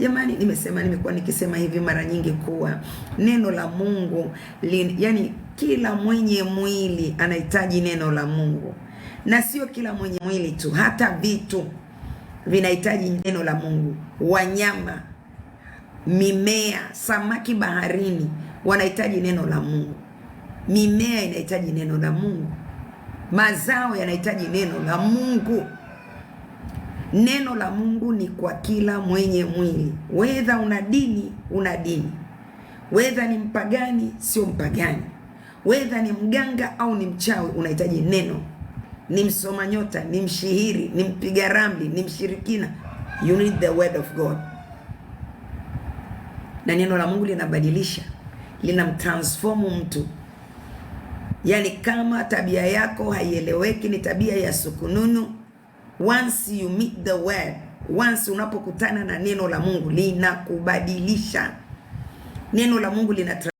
Jamani, nimesema nimekuwa nikisema hivi mara nyingi kuwa neno la Mungu lin, yani kila mwenye mwili anahitaji neno la Mungu, na sio kila mwenye mwili tu, hata vitu vinahitaji neno la Mungu. Wanyama, mimea, samaki baharini wanahitaji neno la Mungu. Mimea inahitaji neno la Mungu. Mazao yanahitaji neno la Mungu. Neno la Mungu ni kwa kila mwenye mwili, wedha una dini, una dini, wedha ni mpagani, sio mpagani, wedha ni mganga au ni mchawi, unahitaji neno. Ni msoma nyota, ni mshihiri, ni mpiga ramli, ni mshirikina, you need the word of God. Na neno la Mungu linabadilisha, linamtransform mtu. Yaani, kama tabia yako haieleweki, ni tabia ya sukununu once you meet the word, once unapokutana na neno la Mungu linakubadilisha. Neno la Mungu lina